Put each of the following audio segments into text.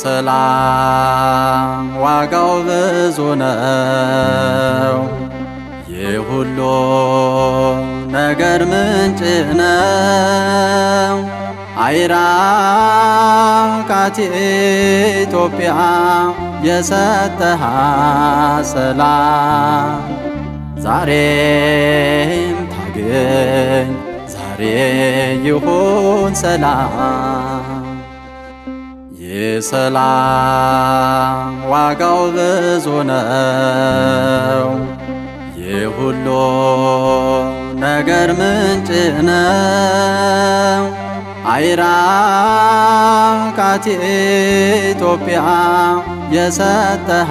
ሰላም ዋጋው ብዙ ነው። ይህ ሁሉ ነገር ምንጭ ነው። ካቴ ኢትዮጵያ የሰጠሃ ሰላም ዛሬም ታገኝ ዛሬ ይሁን ሰላም ሰላም ዋጋው ብዙ ነው። ይህ ሁሉ ነገር ምንጭ ነው። አይራቃት ኢትዮጵያ የሰጠሃ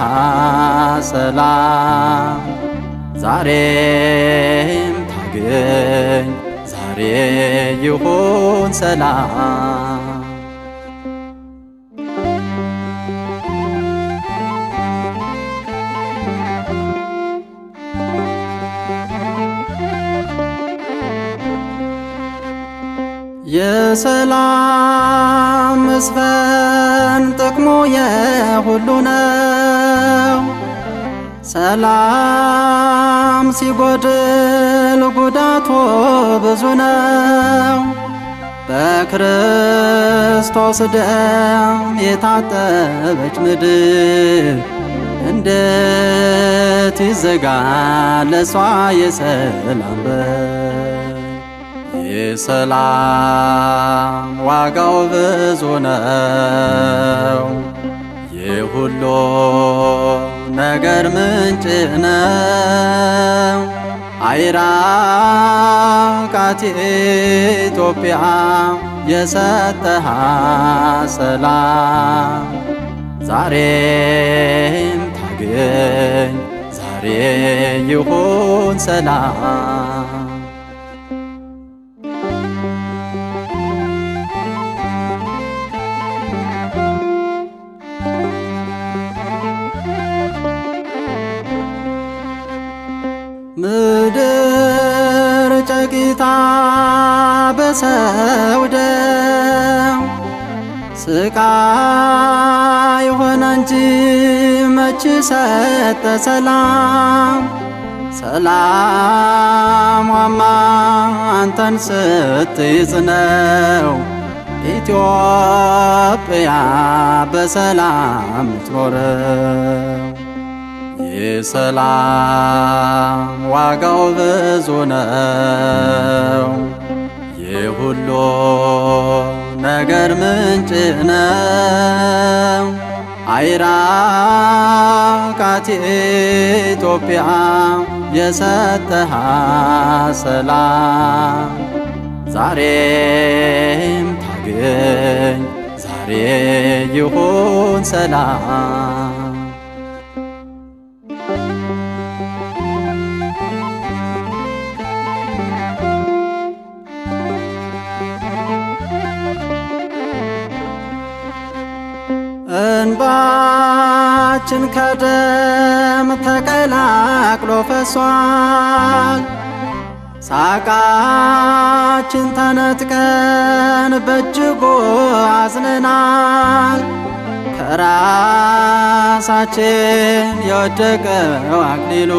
ሰላም ዛሬም ታገኝ ዛሬ ይሁን ሰላም የሰላም መስፈን ጥቅሙ የሁሉ ነው። ሰላም ሲጎድል ጉዳቱ ብዙ ነው። በክርስቶስ ደም የታጠበች ምድር እንዴት ይዘጋ ለሷ የሰላም በር የሰላም ዋጋው ብዙ ነው። የሁሉ ነገር ምንጭ ነው። አይራቃት ኢትዮጵያ የሰጠሃ ሰላም ዛሬም ታገኝ ዛሬ ይሁን ሰላም ሰውደ ስቃይ ሆነ እንጂ መች ሰጠ ሰላም ሰላም ዋማ አንተን ስትይዝ ነው ኢትዮጵያ በሰላም ትኖረው። የሰላም ዋጋው ብዙ ነው። የሁሉ ነገር ምንጭ ነው። አይራቃት ኢትዮጵያ የሰጠሃ ሰላም ዛሬም ታገኝ ዛሬ ይሁን ሰላም እንባችን ከደም ተቀላቅሎ ፈሷል። ሳቃችን ተነጥቀን በእጅጉ አዝነናል። ከራሳችን የወደቀው አክሊሉ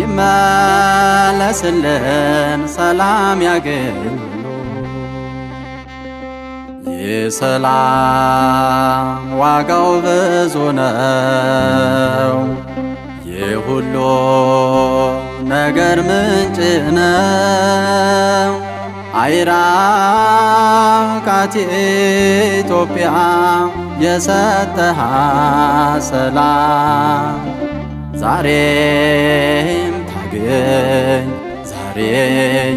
ይመለስልን፣ ሰላም ያግኝ የሰላም ዋጋው ብዙ ነው። የሁሉ ነገር ምንጭ ነው። አይራቃት ኢትዮጵያ የሰጠሃ ሰላም ዛሬም ታገኝ ዛሬ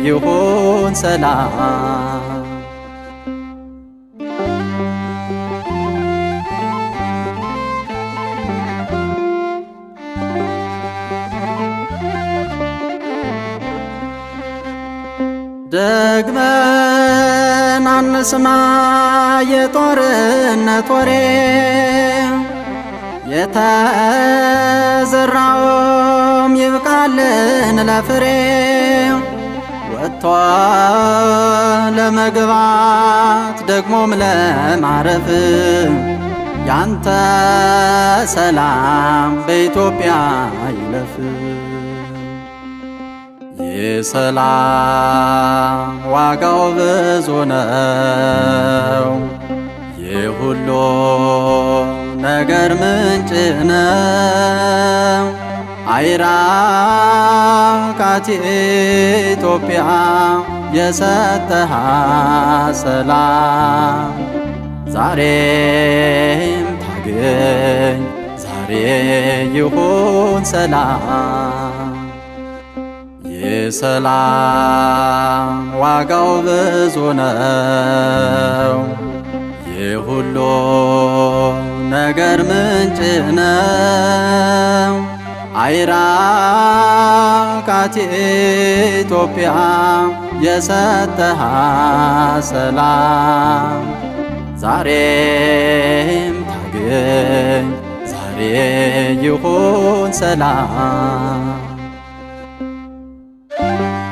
ይሁን ሰላም ደግመን አንስማ የጦርነት ወሬ የተዘራውም ይብቃልን ለፍሬ ወጥቶ ለመግባት ደግሞም ለማረፍ ያንተ ሰላም በኢትዮጵያ ይለፍ። የሰላም ዋጋው ብዙ ነው። የሁሉ ነገር ምንጭ ነው። አይራቃት ኢትዮጵያ የሰጠሃ ሰላም ዛሬም ታገኝ ዛሬ ይሁን ሰላም ሰላም ዋጋው ብዙ ነው። ይህ ሁሉ ነገር ምንጭ ነው። አይራቃት ኢትዮጵያ የሰጠሃ ሰላም ዛሬም ታገኝ ዛሬ ይሁን ሰላም thank you